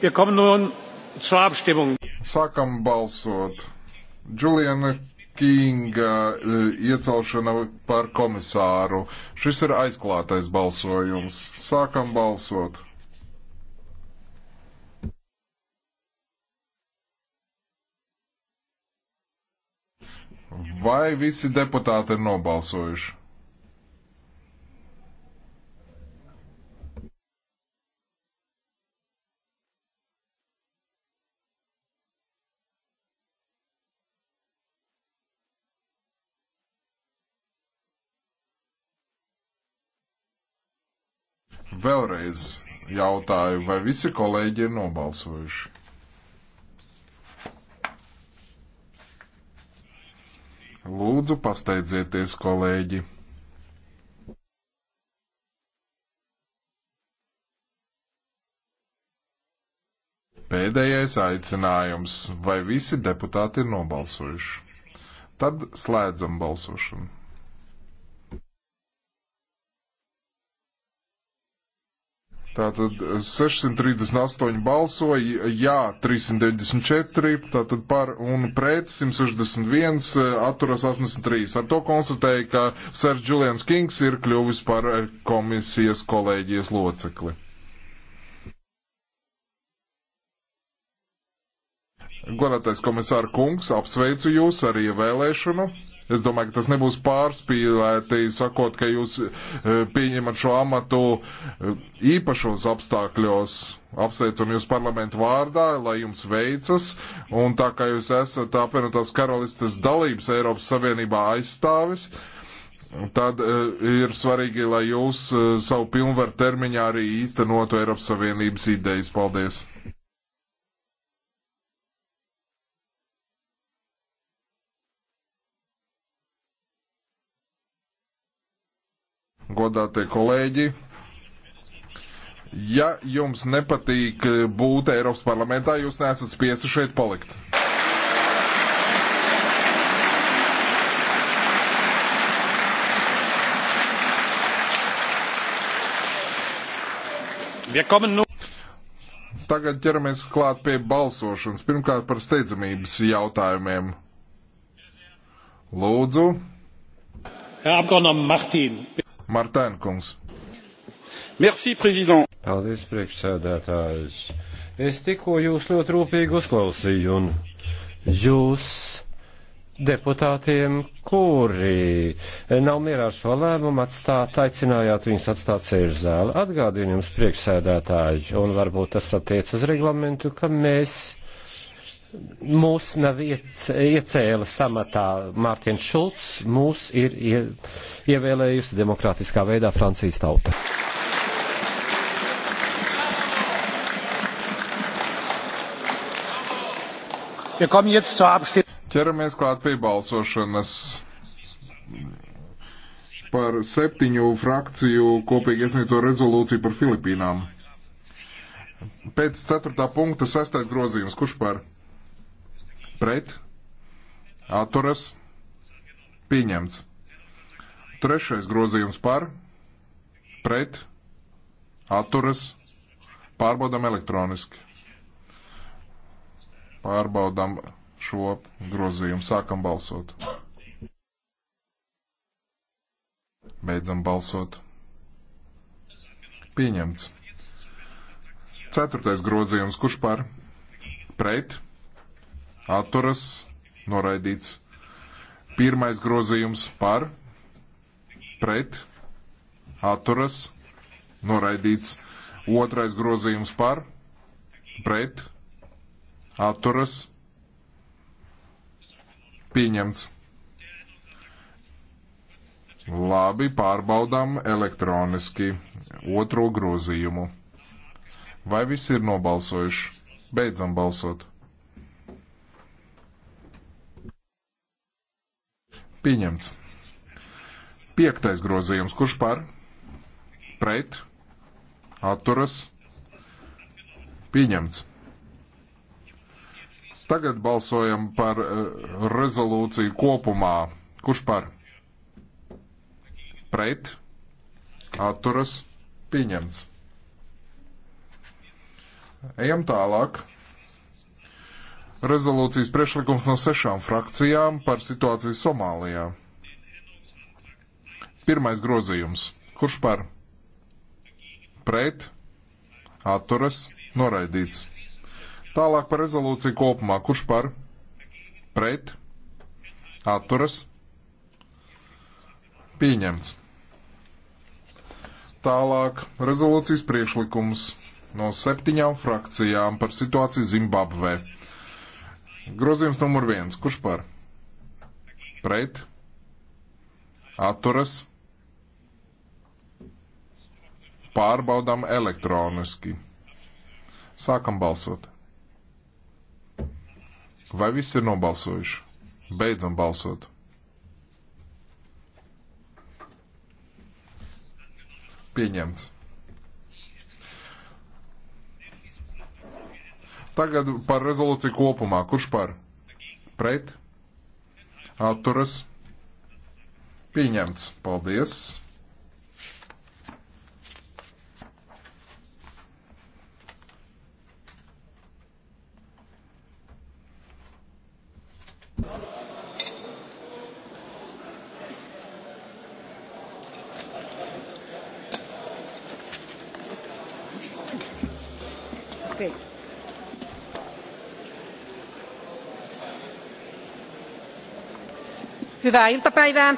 Wir kommen nun zur Abstimmung. Sākam balsot. Juliana Kinga e, iecelšana par komisāru. Šis ir aizklātais balsojums. Sākam balsot. Vai visi deputāti ir nobalsojuši? Vēlreiz jautāju, vai visi kolēģi ir nobalsojuši? Lūdzu, pasteidzieties, kolēģi! Pēdējais aicinājums, vai visi deputāti ir nobalsojuši? Tad slēdzam balsošanu. Tātad 638 balsoja, jā, 394, tātad par un pret 161, atturas 83. Ar to konstatēja, ka Sir Julians Kings ir kļuvis par komisijas kolēģijas locekli. Godātais komisāra kungs, apsveicu jūs ar ievēlēšanu. Es domāju, ka tas nebūs pārspīlēti, sakot, ka jūs e, pieņemat šo amatu e, īpašos apstākļos. Apsveicam jūs parlamentu vārdā, lai jums veicas, un tā kā jūs esat apvienotās karalistes dalības Eiropas Savienībā aizstāvis, tad uh, ir svarīgi, lai jūs uh, savu pilnvaru termiņā arī īstenotu Eiropas Savienības idejas. Paldies! godātie kolēģi. Ja jums nepatīk būt Eiropas parlamentā, jūs nesat spiesti šeit palikt. Tagad ķeramies klāt pie balsošanas. Pirmkārt par steidzamības jautājumiem. Lūdzu. Herr Abgeordneter Martin. Martēnkungs. Merci, prezident. Paldies, priekšsēdētājs. Es tikko jūs ļoti rūpīgi uzklausīju un jūs deputātiem, kuri nav mierā ar šo lēmumu atstāt, aicinājāt viņus atstāt sēžu zāli. Atgādinu jums priekšsēdētāji, un varbūt tas attiec uz reglamentu, ka mēs mūs nav iecēla samatā Mārtiņš Šulcs, mūs ir ie, ievēlējusi demokrātiskā veidā Francijas tauta. Ķeramies klāt pie balsošanas par septiņu frakciju kopīgi iesniegto rezolūciju par Filipīnām. Pēc ceturtā punkta sastais grozījums. Kurš par? pret, atturas, pieņemts. Trešais grozījums par, pret, atturas, pārbaudam elektroniski. Pārbaudam šo grozījumu, sākam balsot. Beidzam balsot. Pieņemts. Ceturtais grozījums, kurš par? Pret, atturas noraidīts. Pirmais grozījums par, pret, atturas noraidīts. Otrais grozījums par, pret, atturas pieņemts. Labi, pārbaudām elektroniski otro grozījumu. Vai visi ir nobalsojuši? Beidzam balsot. Pieņemts. Piektais grozījums. Kurš par? Pret. Atturas. Pieņemts. Tagad balsojam par eh, rezolūciju kopumā. Kurš par? Pret. Atturas. Pieņemts. Ejam tālāk rezolūcijas priekšlikums no sešām frakcijām par situāciju Somālijā. Pirmais grozījums. Kurš par? Pret? Atturas? Noraidīts. Tālāk par rezolūciju kopumā. Kurš par? Pret? Atturas? Pieņemts. Tālāk rezolūcijas priekšlikums no septiņām frakcijām par situāciju Zimbabvē. Grozījums numur viens. Kurš par? Pret? Atturas? Pārbaudām elektroniski. Sākam balsot. Vai viss ir nobalsojuši? Beidzam balsot. Pieņemts. Tagad par rezolūciju kopumā. Kurš par? Pret? Atturas? Pieņemts. Paldies! Hyvää iltapäivää.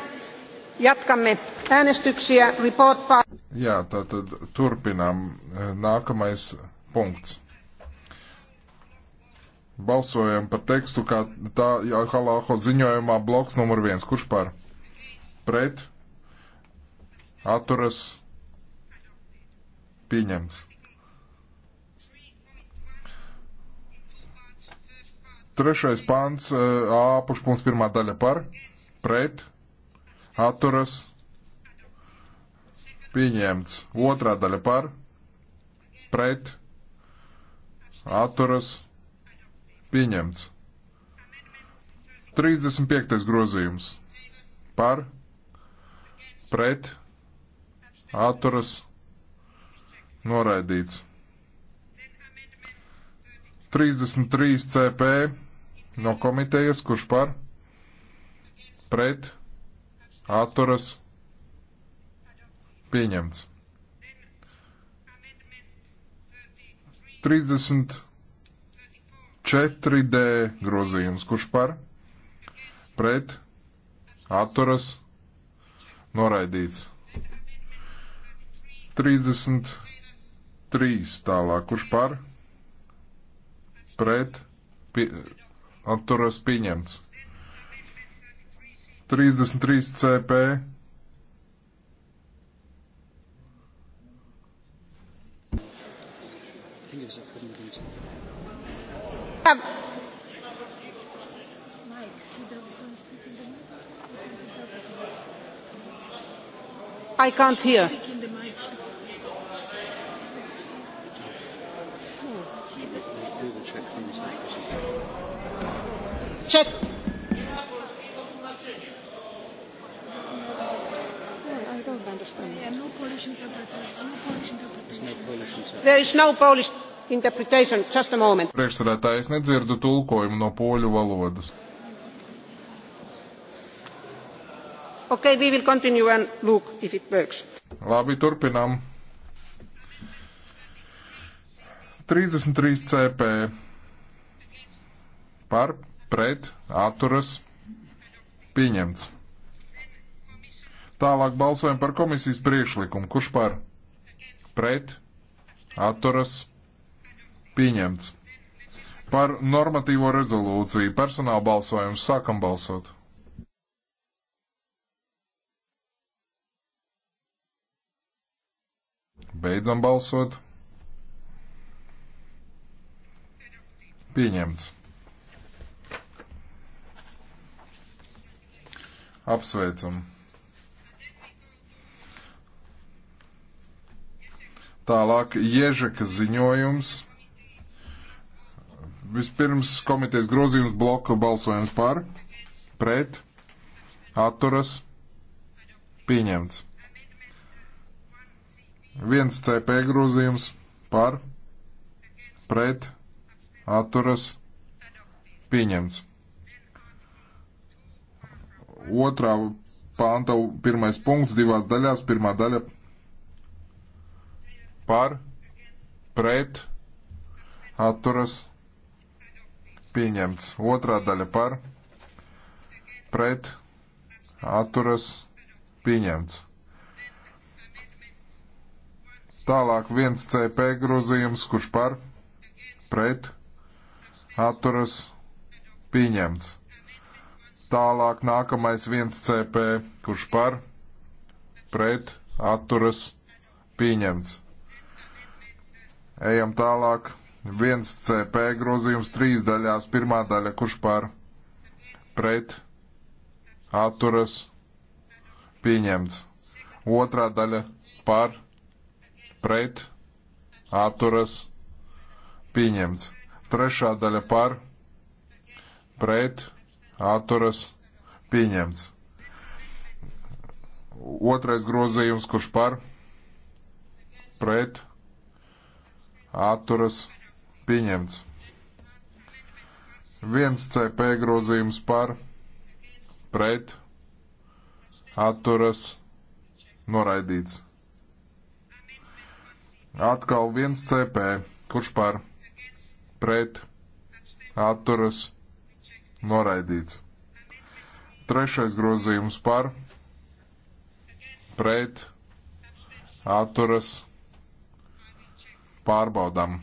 Jatkamme äänestyksiä. Report part. Jā, tātad turpinām. Eh, Nākamais punkts. Balsojam par tekstu, kā tā Halāho ziņojumā bloks numur viens. Kurš par? Pret? Atturas? Pieņemts. Trešais pāns, eh, A, pušpunkts, pirmā daļa par, pret, atturas, pieņemts. Otrā daļa par, pret, atturas, pieņemts. 35. grozījums par, pret, atturas, noraidīts. 33 CP no komitejas, kurš par, pret, pret, atturas, pieņemts. 34D grozījums, kurš par, pret, atturas, noraidīts. 33 tālāk, kurš par, pret, pie, atturas, pieņemts. 33 CP. Um. I can't hear. Check. Polish interpreters. No Polish interpretation. No Polish interpretation. There is no Polish interpretation. Just a moment. Priekšsēdētāji, es nedzirdu tulkojumu no poļu valodas. Okay, we will continue and look if it works. Labi, turpinām. 33 CP par, pret, atturas, pieņemts. Tālāk balsojam par komisijas priekšlikumu. Kurš par? Pret? Atturas? Pieņemts. Par normatīvo rezolūciju personāla balsojumu sākam balsot. Beidzam balsot. Pieņemts. Apsveicam. Tālāk Ježeka ziņojums. Vispirms komitejas grozījums bloka balsojums par, pret, atturas, pieņemts. 1 CP grozījums par, pret, atturas, pieņemts otrā pānta pirmais punkts divās daļās. Pirmā daļa par, pret, atturas, pieņemts. Otrā daļa par, pret, atturas, pieņemts. Tālāk viens CP grozījums, kurš par, pret, atturas, pieņemts. Tālāk nākamais viens CP, kurš par, pret, atturas, pieņemts. Ejam tālāk. 1CP grozījums trīs daļās. Pirmā daļa, kurš par pret atturas pieņemts. Otrā daļa par pret atturas pieņemts. Trešā daļa par pret atturas pieņemts. Otrais grozījums, kurš par pret atturas pieņemts atturas pieņemts. 1 CP grozījums par pret atturas noraidīts. Atkal 1 CP, kurš par pret atturas noraidīts. Trešais grozījums par pret atturas noraidīts Pārbaudām.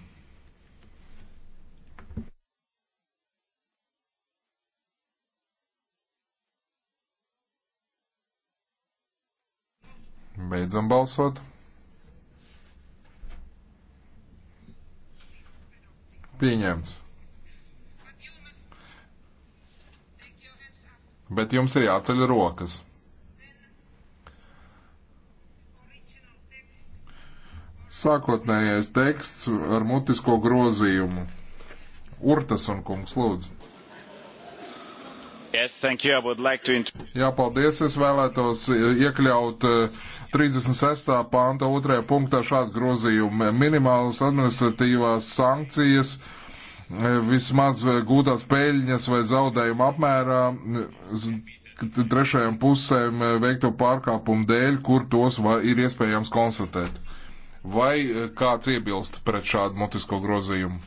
Beidzam balsot. Pieņemts. Bet jums ir jāceļ rokas. Sākotnējais teksts ar mutisko grozījumu. Urtas un kungs, lūdzu. Yes, like to... Jā, paldies. Es vēlētos e, iekļaut 36. pānta 2. punktā šādu grozījumu. Minimālas administratīvās sankcijas e, vismaz gūtās peļņas vai zaudējuma apmērā e, trešajām pusēm veikto pārkāpumu dēļ, kur tos ir iespējams konstatēt. Vai eh, kāds iebilst pret šādu mutisko grozījumu?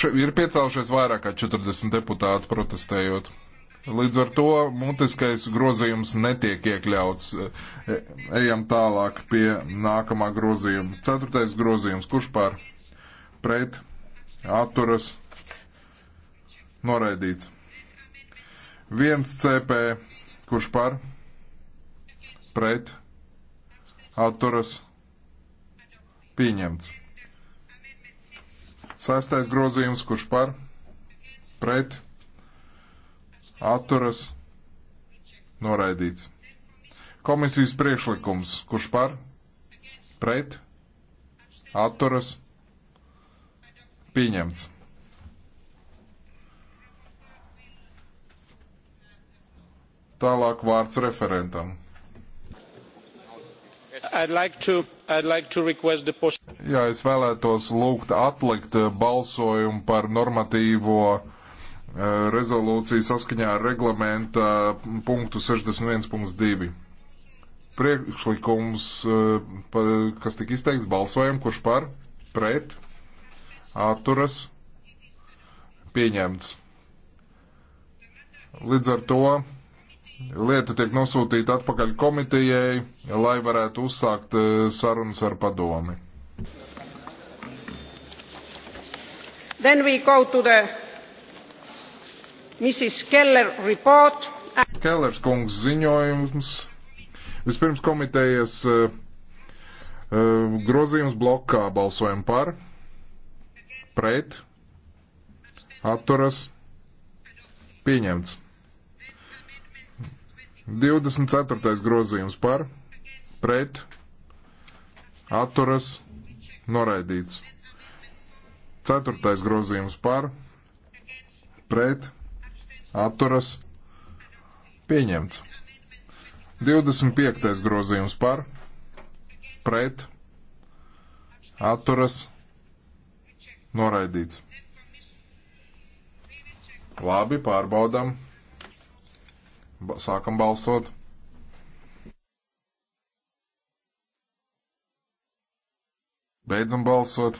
Ir piecēlušies vairāk kā 40 deputāti protestējot. Līdz ar to mutiskais grozījums netiek iekļauts. E, ejam tālāk pie nākamā grozījuma. Ceturtais grozījums. Kurš pār? Pret? Atturas? Noraidīts. Viens CP. Kurš pār? Pret? Atturas? Pieņemts. Sestais grozījums. Kurš pār? Pret? atturas noraidīts. Komisijas priekšlikums, kurš par, pret, atturas, pieņemts. Tālāk vārds referentam. I'd like to, I'd like to request the post. Jā, es vēlētos lūgt atlikt balsojumu par normatīvo uh, Eh, rezolūciju saskaņā ar reglamenta mm, punktu 61.2. Priekšlikums, eh, kas tika izteikts, balsojam, kurš par, pret, atturas, pieņemts. Līdz ar to lieta tiek nosūtīta atpakaļ komitejai, lai varētu uzsākt eh, sarunas ar padomi. Then we go to the Mrs. Keller report. Kellers kungs ziņojums. Vispirms komitejas uh, uh, grozījums blokā balsojam par, pret, atturas, pieņemts. 24. grozījums par, pret, atturas, noraidīts. 4. grozījums par, pret, atturas pieņemts. 25. grozījums par pret atturas noraidīts. Labi, pārbaudam. Sākam balsot. Beidzam balsot.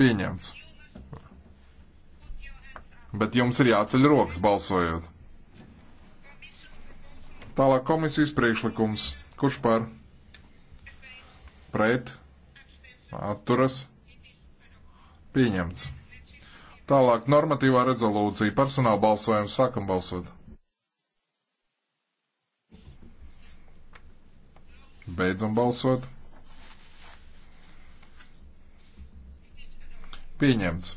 Pieņemts bet jums ir jāceļ rokas balsojot. Tālāk komisijas priekšlikums. Kurš par? Pret? Atturas? Pieņemts. Tālāk normatīvā rezolūcija. Personāla balsojums. Sākam balsot. Beidzam balsot. Pieņemts.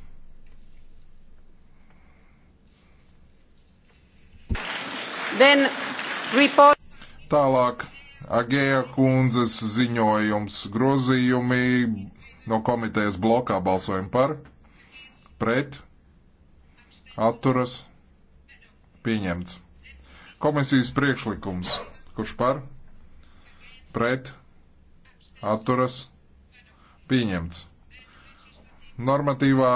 Then report... Tālāk Agēja kundzes ziņojums grozījumi no komitejas blokā balsojam par, pret, atturas, pieņemts. Komisijas priekšlikums, kurš par, pret, atturas, pieņemts. Normatīvā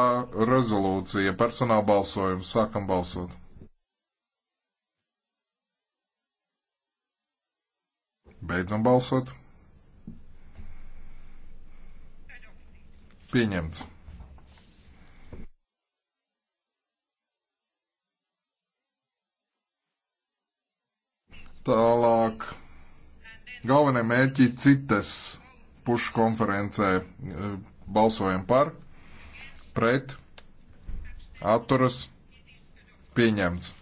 rezolūcija, personāla balsojums, sākam balsot. Beidzam balsot. Pieņemts. Tālāk. Galvenie mērķi citas pušu konferencē e, balsojam par, pret, atturas, pieņemts.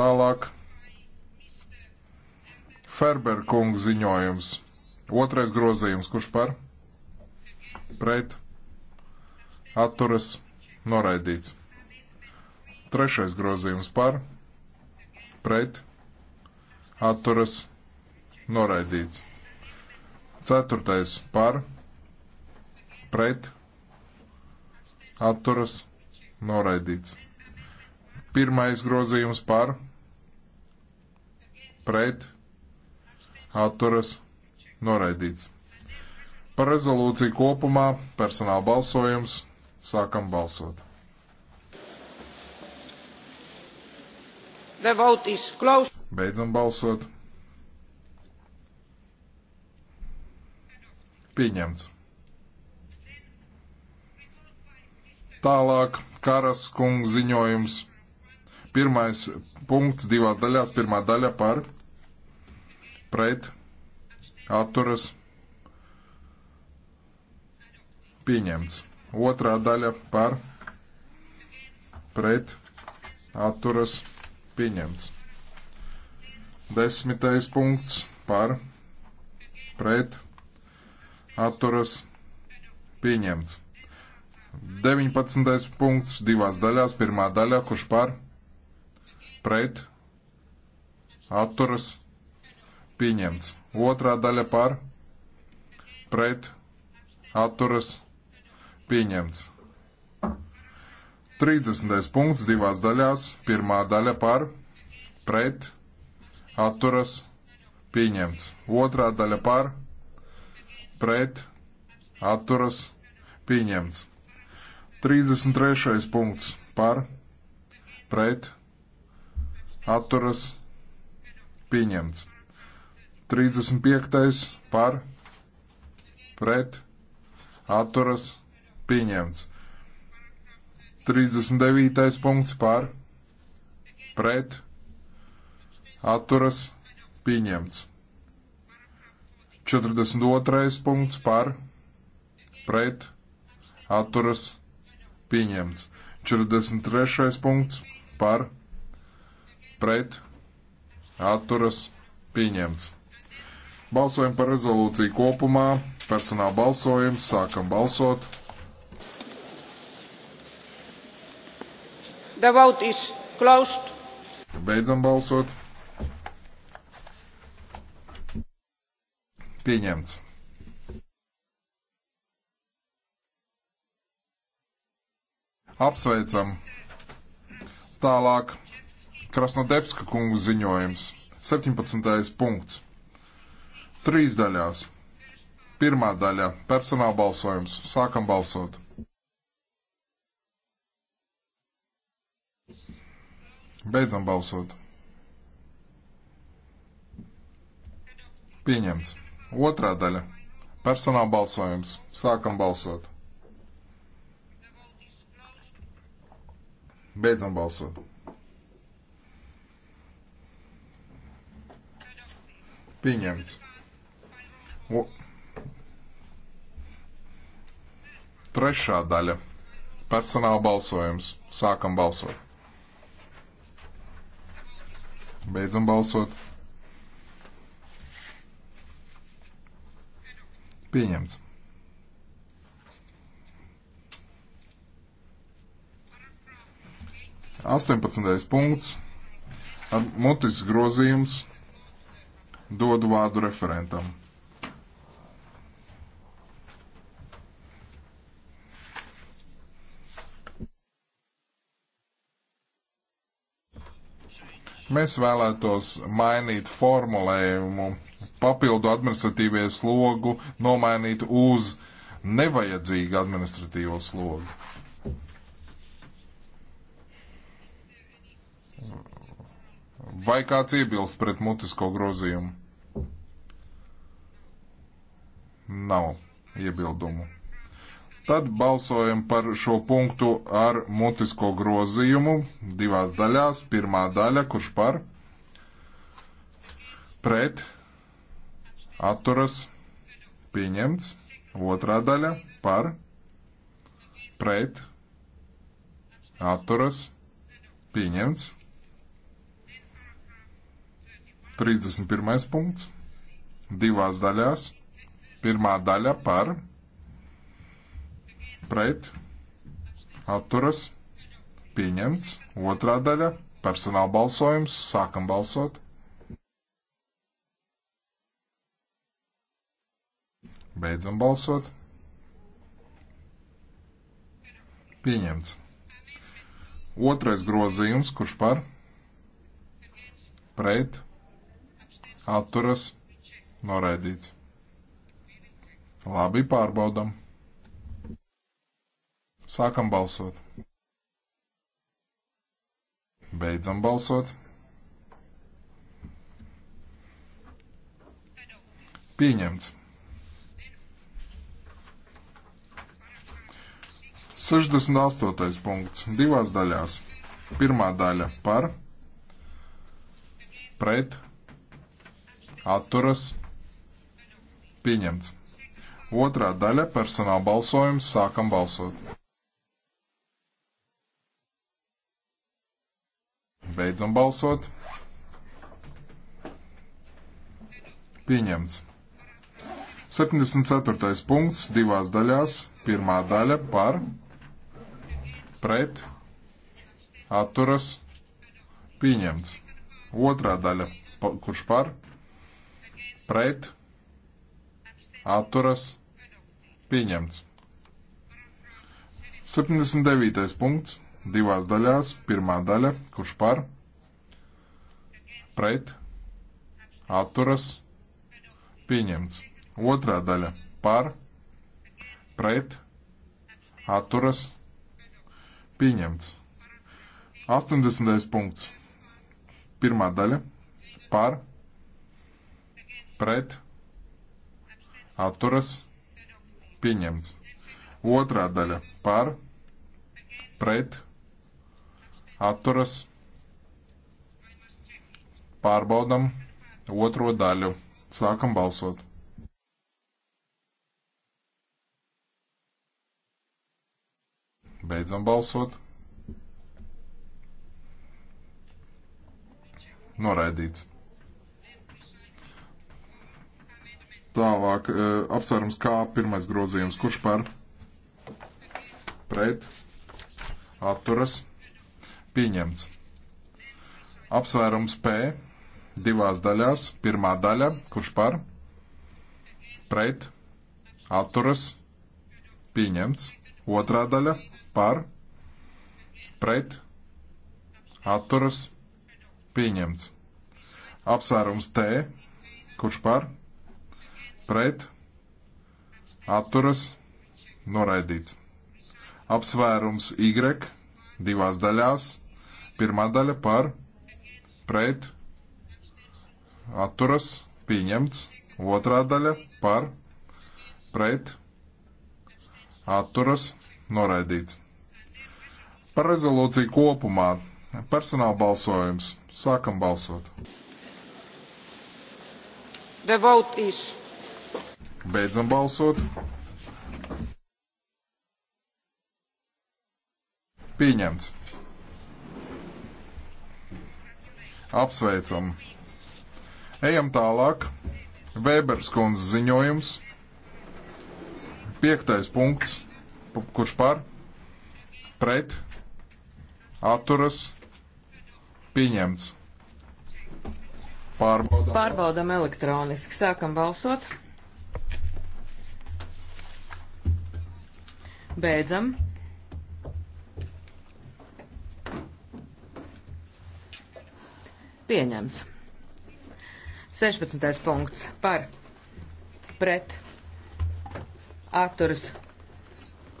Tālāk. Ferberkunga ziņojums. Otrais grozījums, kurš par? Pret. Atturas. Noraidīts. Trešais grozījums par. Pret. Atturas. Noraidīts. Ceturtais par. Pret. Atturas. Noraidīts. Pirmais grozījums par. Pret atturas noraidīts. Par rezolūciju kopumā personāla balsojums sākam balsot. Beidzam balsot. Pieņemts. Tālāk Karas kungs ziņojums. Pirmais punkts divās daļās. Pirmā daļa par pret, atturas, pieņemts. Otrā daļa par, pret, atturas, pieņemts. Desmitais punkts par, pret, atturas, pieņemts. 19. punkts divās daļās. Pirmā daļā, kurš par, pret, atturas, pieņemts pieņemts. Otrā daļa par, pret, atturas, pieņemts. 30. punkts divās daļās. Pirmā daļa par, pret, atturas, pieņemts. Otrā daļa par, pret, atturas, pieņemts. 33. punkts par, pret, atturas, pieņemts. 35. par pret atturas pieņemts. 39. punkts par pret atturas pieņemts. 42. punkts par pret atturas pieņemts. 43. punkts par pret atturas pieņemts. Balsojam par rezolūciju kopumā. Personāla balsojums. Sākam balsot. The vote is closed. Beidzam balsot. Pieņemts. Apsveicam. Tālāk Krasnodebska kungu ziņojums. 17. punkts. Trīs daļās. Pirmā daļa - personāla balsojums. Sākam balsot. Beidzam balsot. Pieņemts. Otrā daļa - personāla balsojums. Sākam balsot. Beidzam balsot. Pieņemts. O. Trešā daļa. Personāla balsojums. Sākam balsot. Beidzam balsot. Pieņemts. Astoņpadsmitais punkts. Mutis grozījums. Dodu vārdu referentam. Mēs vēlētos mainīt formulējumu, papildu administratīvie slogu, nomainīt uz nevajadzīgu administratīvo slogu. Vai kāds iebilst pret mutisko grozījumu? Nav iebildumu. Tad balsojam par šo punktu ar mutisko grozījumu divās daļās. Pirmā daļa, kurš par, pret, atturas, pieņemts. Otrā daļa par, pret, atturas, pieņemts. 31. punkts. Divās daļās. Pirmā daļa par, pret pret, atturas, pieņemts. Otrā daļa - personāla balsojums. Sākam balsot. Beidzam balsot. Pieņemts. Otrais grozījums, kurš par, pret, atturas, noraidīts. Labi, pārbaudam. Sākam balsot. Beidzam balsot. Pieņemts. 68. punkts. Divās daļās. Pirmā daļa par, pret, atturas, pieņemts. Otrā daļa personāla balsojums. Sākam balsot. Beidzam balsot. Pieņemts. 74. punkts divās daļās. Pirmā daļa par, pret, atturas, pieņemts. Otrā daļa, pa, kurš par, pret, atturas, pieņemts. 79. punkts divās daļās. Pirmā daļa, kurš par, pret pret, atturas, pieņemts. Otrā daļa par, pret, atturas, pieņemts. 80. punkts. Pirmā daļa par, pret, atturas, pieņemts. Otrā daļa par, pret, atturas, pieņemts atturas Pārbaudam otro daļu. Sākam balsot. Beidzam balsot. Noraidīts. Tālāk eh, apsvērums kā pirmais grozījums. Kurš par? Pret. Atturas. Pieņemts. Apsvērums P divās daļās. Pirmā daļa, kurš par, pret, atturas, pieņemts. Otrā daļa, par, pret, atturas, pieņemts. Apsvērums T, kurš par, pret, atturas, noraidīts. Apsvērums Y divās daļās. Pirmā daļa par, pret, atturas atturas, pieņemts. Otrā daļa par, pret, atturas, noraidīts. Par rezolūciju kopumā personāla balsojums. Sākam balsot. The vote is. Beidzam balsot. Pieņemts. Apsveicam Ejam tālāk. Vēberskundze ziņojums. Piektais punkts. Kurš par? Pret. Atturas. Pieņemts. Pārbaudam. Pārbaudam elektroniski. Sākam balsot. Beidzam. Pieņemts. 16. punkts par pret aktorus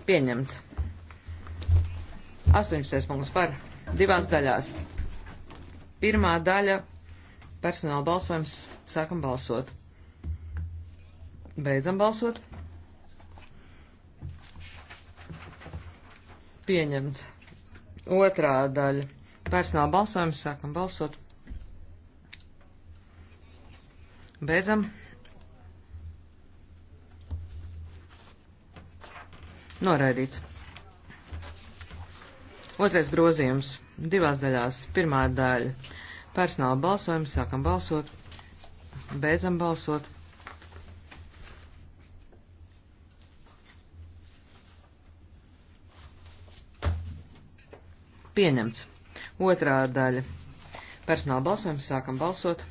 pieņemts. 18. punkts par divās daļās. Pirmā daļa - personāla balsojums. Sākam balsot. Beidzam balsot. Pieņemts. Otrā daļa - personāla balsojums. Sākam balsot. Beidzam. Noraidīts. Otrais grozījums. Divās daļās. Pirmā daļa. Personāla balsojums. Sākam balsot. Beidzam balsot. Pieņemts. Otrā daļa. Personāla balsojums. Sākam balsot.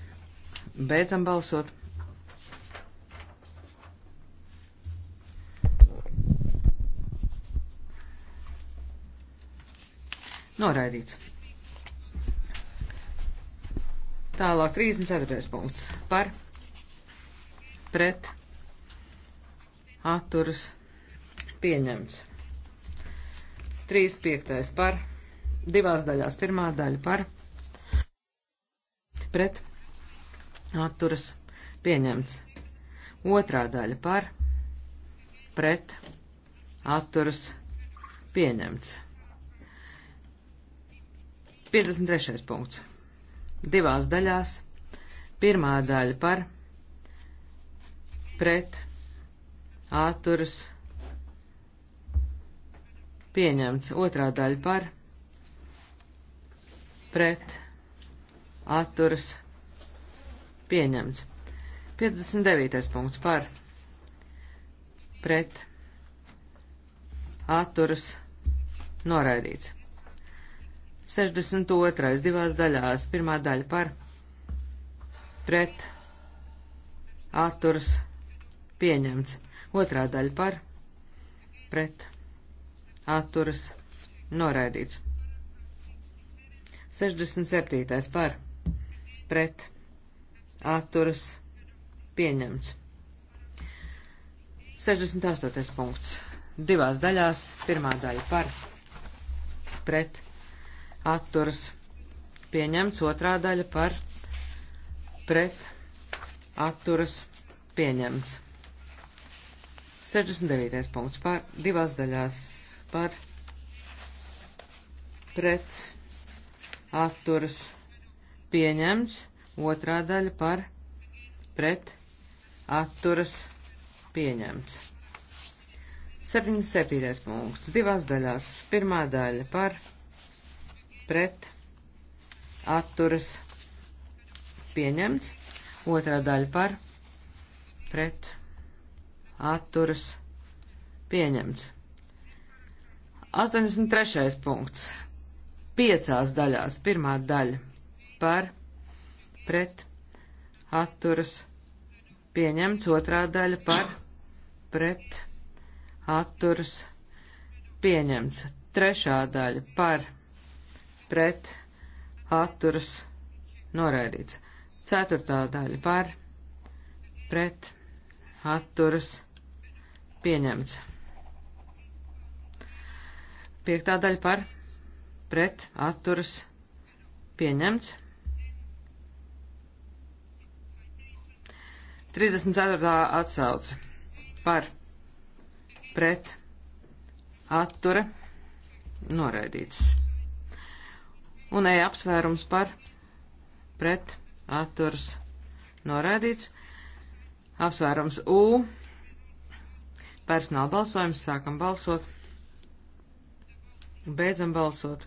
Beidzam balsot. Noraidīts. Tālāk 34. punkts par pret atturas pieņemts. 35. par divās daļās. Pirmā daļa par pret atturas pieņemts. Otrā daļa par pret atturas pieņemts. 53. punkts. Divās daļās. Pirmā daļa par pret atturas pieņemts. Otrā daļa par pret atturas pieņemts Pieņemts. 59. punkts par pret atturas noraidīts. 62. divās daļās. Pirmā daļa par pret atturas pieņemts. Otrā daļa par pret atturas noraidīts. 67. par pret atturas pieņemts. 68. punkts. Divās daļās. Pirmā daļa par pret atturas pieņemts. Otrā daļa par pret atturas pieņemts. 69. punkts. Par divās daļās par pret atturas pieņemts. Otrā daļa par pret atturas pieņemts. 77. punkts. Divās daļās. Pirmā daļa par pret atturas pieņemts. Otrā daļa par pret atturas pieņemts. 83. punkts. Piecās daļās. Pirmā daļa par pret pret atturas pieņemts, otrā daļa par pret atturas pieņemts, trešā daļa par pret atturas noraidīts, ceturtā daļa par pret atturas pieņemts. Piektā daļa par pret atturas pieņemts. 34. atsauce par pret attura noraidīts. Un eja apsvērums par pret atturs noraidīts. Apsvērums U. Personāla balsojums. Sākam balsot. Beidzam balsot.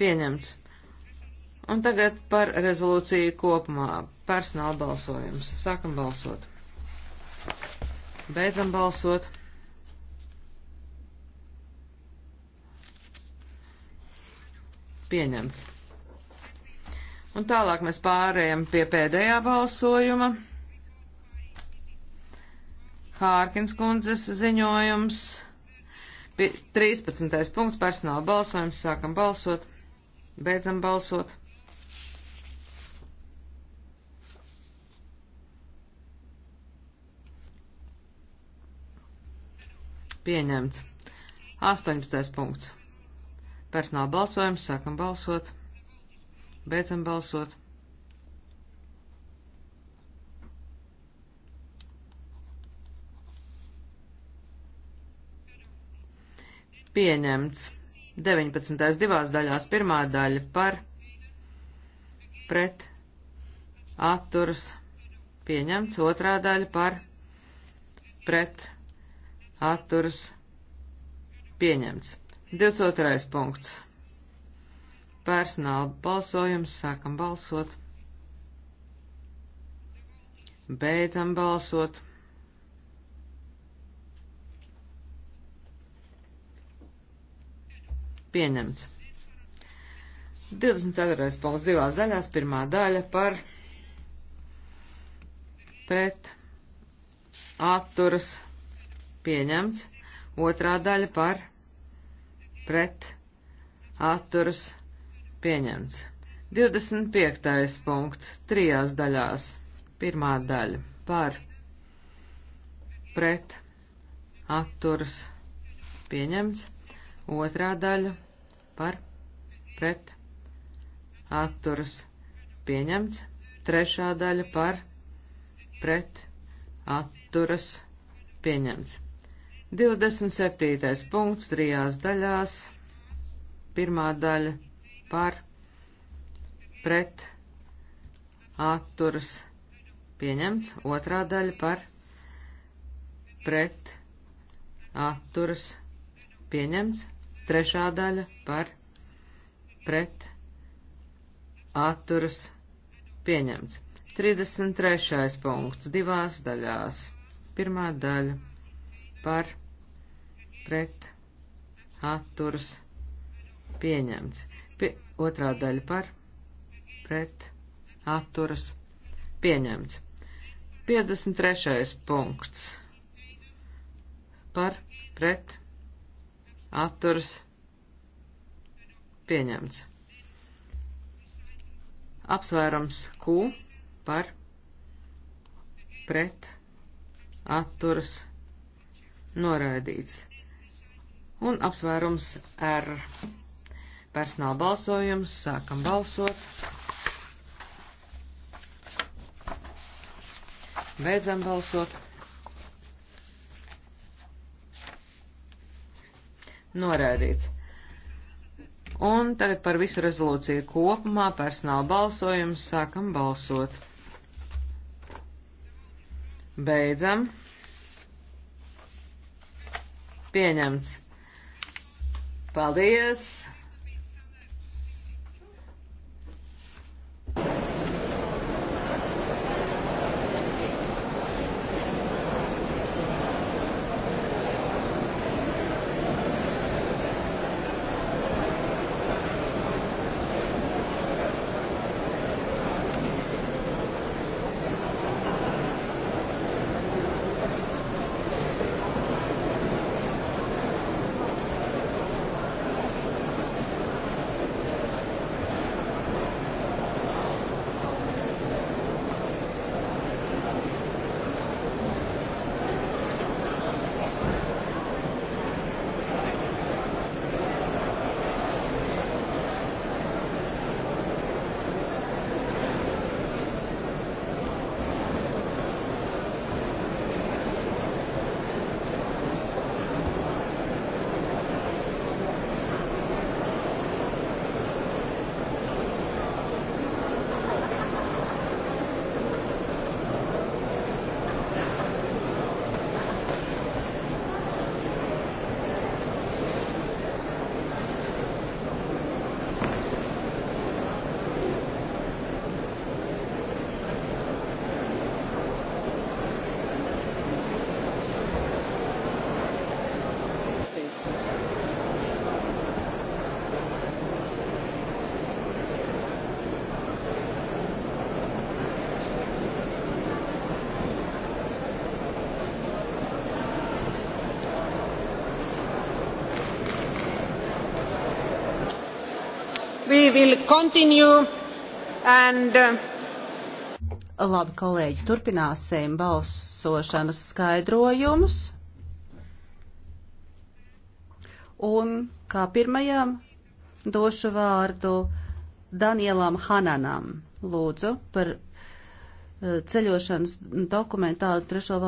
Pieņemts. Un tagad par rezolūciju kopumā. Personāla balsojums. Sākam balsot. Beidzam balsot. Pieņemts. Un tālāk mēs pārējām pie pēdējā balsojuma. Hārkins kundzes ziņojums. 13. punkts personāla balsojums. Sākam balsot. Beidzam balsot. Pieņemts. 18. punkts. Personāla balsojums. Sākam balsot. Beidzam balsot. Pieņemts. 19. divās daļās pirmā daļa par pret atturas pieņemts, otrā daļa par pret atturas pieņemts. 22. punkts. Personāla balsojums, sākam balsot. Beidzam balsot. Pieņemts. 24. punkts divās daļās. Pirmā daļa par pret atturas pieņemts. Otrā daļa par pret atturas pieņemts. 25. punkts trijās daļās. Pirmā daļa par pret atturas pieņemts. Otrā daļa par pret atturas pieņemts. Trešā daļa par pret atturas pieņemts. 27. punkts trijās daļās. Pirmā daļa par pret atturas pieņemts. Otrā daļa par pret atturas pieņemts. Trešā daļa par pret atturas pieņemts. 33. punkts divās daļās. Pirmā daļa par pret atturas pieņemts. Pie, otrā daļa par pret atturas pieņemts. 53. punkts par pret atturas pieņemts. Apsvērams Q par pret atturas noraidīts. Un apsvērums R. Personāla balsojums. Sākam balsot. Beidzam balsot. Noraidīts. Un tagad par visu rezolūciju kopumā personāla balsojumu sākam balsot. Beidzam. Pieņemts. Paldies! will continue and uh, Labi, kolēģi, turpināsim balsošanas skaidrojumus. Un kā pirmajam došu vārdu Danielam Hananam. Lūdzu par uh, ceļošanas dokumentālu trešo valstu.